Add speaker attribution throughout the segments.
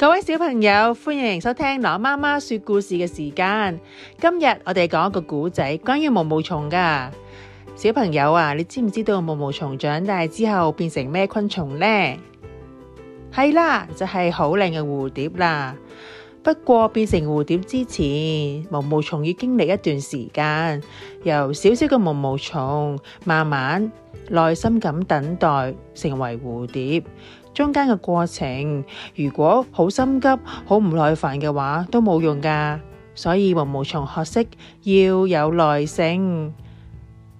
Speaker 1: 各位小朋友，歡迎收聽羅媽媽說故事嘅時間。今日我哋講一個古仔，關於毛毛蟲㗎。小朋友啊，你知唔知道毛毛蟲長，長大之後變成咩昆蟲呢？係啦，就係好靚嘅蝴蝶啦。不過變成蝴蝶之前，毛毛蟲要經歷一段時間，由小小嘅毛毛蟲，慢慢耐心咁等待，成為蝴蝶。中間嘅過程，如果好心急、好唔耐煩嘅話，都冇用㗎。所以毛毛蟲學識要有耐性，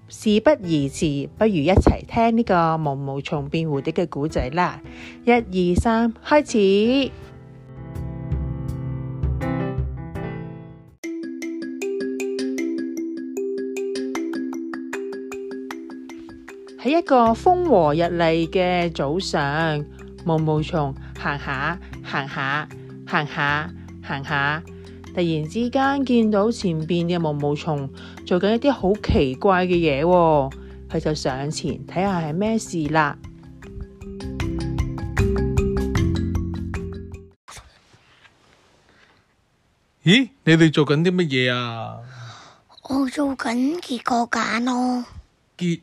Speaker 1: 事不宜遲，不如一齊聽呢個毛毛蟲變蝴蝶嘅故仔啦！一二三，開始。喺一個風和日麗嘅早上。毛毛蟲行下行下行下行下，突然之間見到前邊嘅毛毛蟲做緊一啲好奇怪嘅嘢喎，佢就上前睇下係咩事啦。
Speaker 2: 咦？你哋做緊啲乜嘢啊？我做緊結個繭咯。哦。結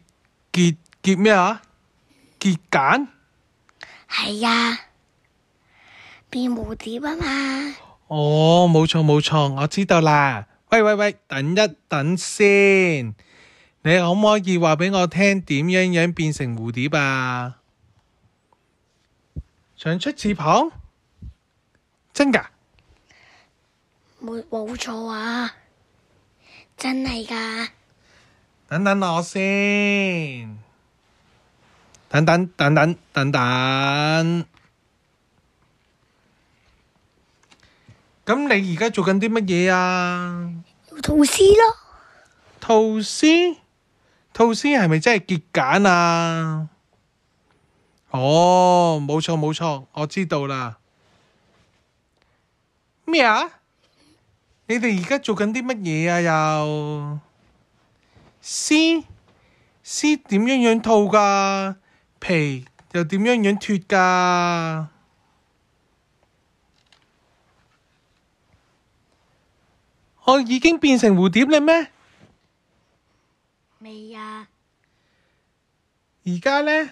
Speaker 2: 結結咩啊？結繭？結繭？係呀，變蝴蝶啊嘛！哦，冇錯冇錯，我知道啦。喂喂喂，等一等先，你可唔可以話畀我聽點樣樣變成蝴蝶啊？想出翅膀？真噶？
Speaker 1: 冇，冇錯啊，真係噶。
Speaker 2: 等等我先。等等等等等等，咁你而家做緊啲乜嘢啊？吐絲咯，吐絲，吐絲係咪真係結繭啊？哦，冇錯冇錯，我知道啦。咩啊？你哋而家做緊啲乜嘢啊？又，絲，絲點樣樣吐㗎？皮又點樣樣脫㗎？我、oh, 已經變成蝴蝶了咩？
Speaker 1: 未啊呀！
Speaker 2: 而家呢？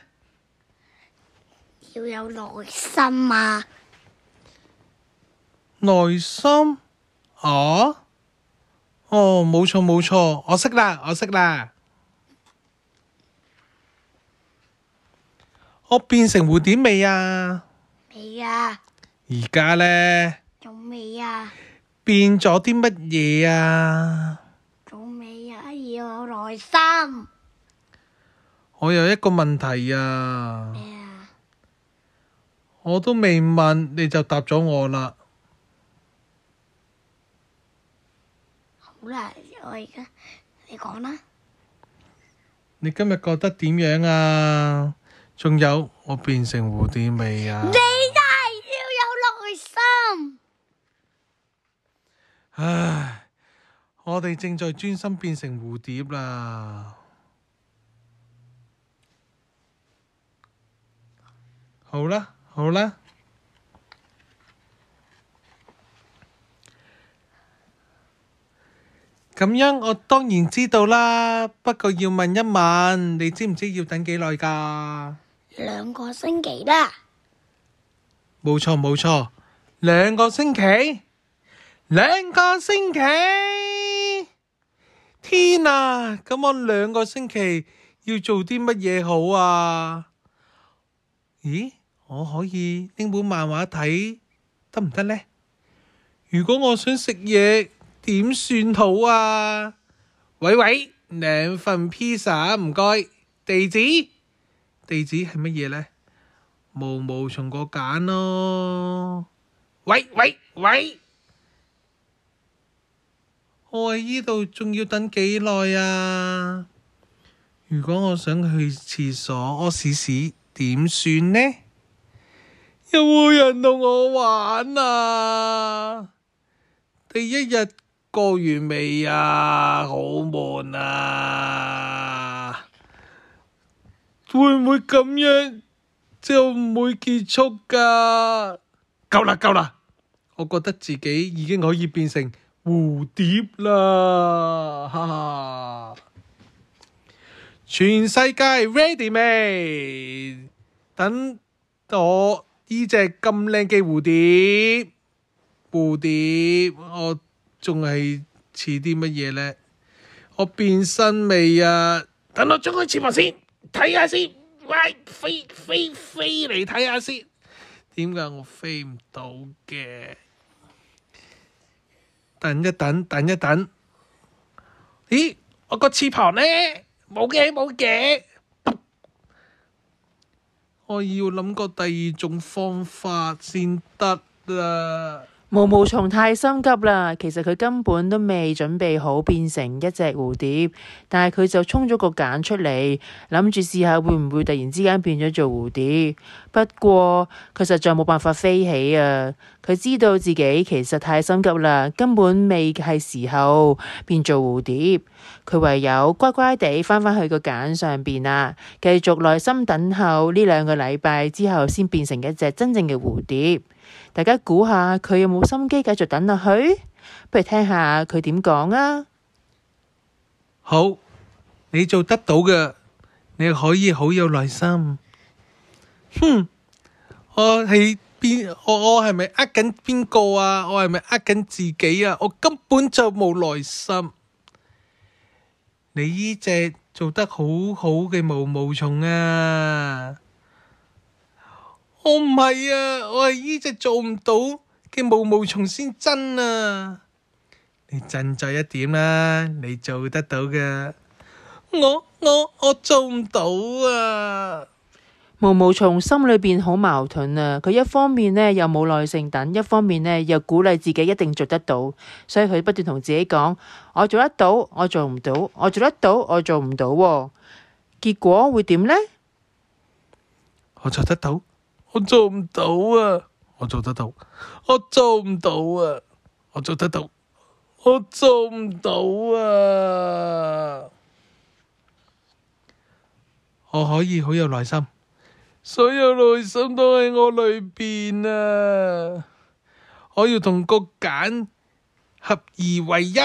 Speaker 2: 要有耐心啊！耐心哦？哦、啊，冇錯冇錯，我識啦，我識啦。我變成蝴蝶未啊？未啊。而家咧？仲未啊。變咗啲乜嘢啊？仲未啊，要有耐心。我有一個問題啊。咩啊？我都未問你就答咗我啦。好啦，我而家，你講啦。你今日覺得點樣啊？仲有我變成蝴蝶未啊？你係要有耐心。唉，我哋正在專心變成蝴蝶啦。好啦，好啦。咁樣我當然知道啦，不過要問一問，你知唔知要等幾耐噶？兩個星期啦，冇錯冇錯，兩個星期，兩個星期，天啊！咁我兩個星期要做啲乜嘢好啊？咦，我可以拎本漫畫睇得唔得呢？如果我想食嘢點算好啊？喂喂，兩份披 i 唔該，地址。地址係乜嘢呢？毛毛蟲個揀咯。喂喂喂，喂喂我喺呢度仲要等幾耐啊？如果我想去廁所屙屎屎點算呢？有冇人同我玩啊？第一日過完未啊？好悶啊！會唔會咁樣就唔會結束噶？夠啦夠啦！我覺得自己已經可以變成蝴蝶啦，哈哈！全世界 ready 未？等我呢隻咁靚嘅蝴蝶，蝴蝶我仲係似啲乜嘢咧？我變身未啊？等我將佢切埋先。睇下先，喂，飛飛飛嚟睇下先。點解我飛唔到嘅？等一等，等一等。咦，我個翅膀呢？冇嘅，冇嘅。我要諗個第二種方法先得啦。
Speaker 1: 毛毛蟲太心急啦，其實佢根本都未準備好變成一隻蝴蝶，但係佢就衝咗個繭出嚟，諗住試下會唔會突然之間變咗做蝴蝶。不過佢實在冇辦法飛起啊！佢知道自己其實太心急啦，根本未係時候變做蝴蝶。佢唯有乖乖地翻返去個繭上邊啦，繼續耐心等候呢兩個禮拜之後，先變成一隻真正嘅蝴蝶。大家估下佢有冇心機繼續等落去？不如聽下佢點講啊！
Speaker 2: 好，你做得到嘅，你可以好有耐心。哼，我係邊？我我係咪呃緊邊個啊？我係咪呃緊自己啊？我根本就冇耐心。你呢隻做得好好嘅毛毛蟲啊！我唔係啊，我係呢隻做唔到嘅毛毛蟲先真啊。你振作一點啦，你做得到㗎。
Speaker 1: 我我我做唔到啊！毛毛蟲心裏邊好矛盾啊。佢一方面呢又冇耐性等，一方面呢又鼓勵自己一定做得到，所以佢不斷同自己講：我做得到，我做唔到；我做得到，我做唔到啊。結果會點呢？
Speaker 2: 我做得到。我做唔到啊！我做得到。我做唔到啊！我做得到。我做唔到啊！我可以好有耐心，有耐心所有耐心都喺我,我裏邊啊！我要同個繭合二為一。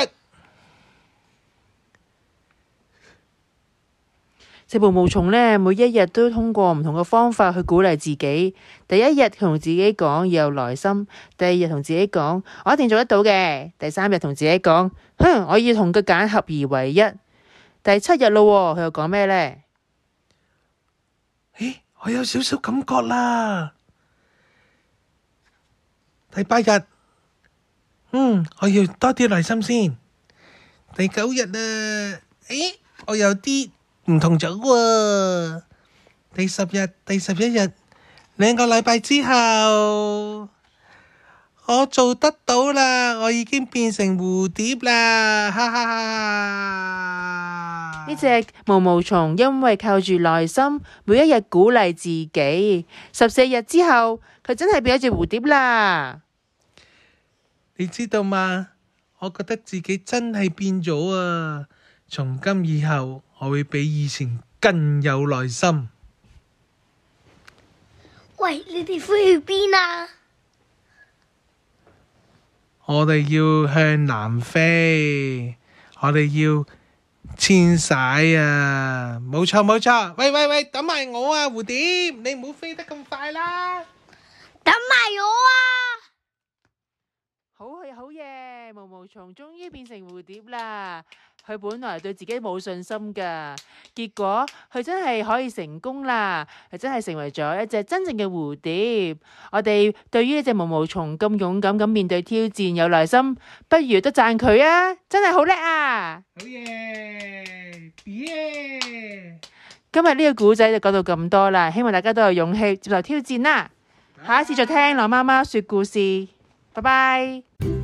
Speaker 1: 食毛毛蟲呢，每一日都通過唔同嘅方法去鼓勵自己。第一日同自己講要有耐心，第二日同自己講我一定做得到嘅，第三日同自己講哼，我要同個繭合而為一。第七日咯，佢又講咩呢？咦、欸，
Speaker 2: 我有少少感覺啦。第八日，嗯，我要多啲耐心先。第九日啊，咦、欸，我有啲。唔同咗喎、啊，第十日、第十一日，兩個禮拜之後，
Speaker 1: 我做得到啦！我已經變成蝴蝶啦，哈哈哈！呢隻毛毛蟲因為靠住耐心，每一日鼓勵自己，十四日之後，佢真係變咗隻蝴蝶啦。
Speaker 2: 你知道嗎？我覺得自己真係變咗啊！從今以後。我會比以前更有耐心。
Speaker 1: 喂，你哋飛去邊啊？
Speaker 2: 我哋要向南飛，我哋要遷徙啊！冇錯冇錯，喂喂喂，等埋我啊，
Speaker 1: 蝴蝶，你唔好飛得咁快啦。等埋我啊！好嘅好嘢，毛毛蟲終於變成蝴蝶啦。佢本來對自己冇信心噶，結果佢真係可以成功啦，佢真係成為咗一隻真正嘅蝴蝶。我哋對於呢隻毛毛蟲咁勇敢咁面對挑戰有耐心，不如都讚佢啊！真係好叻啊！好耶，耶！今日呢個古仔就講到咁多啦，希望大家都有勇氣接受挑戰啦。下一次再聽老媽媽說故事，拜拜。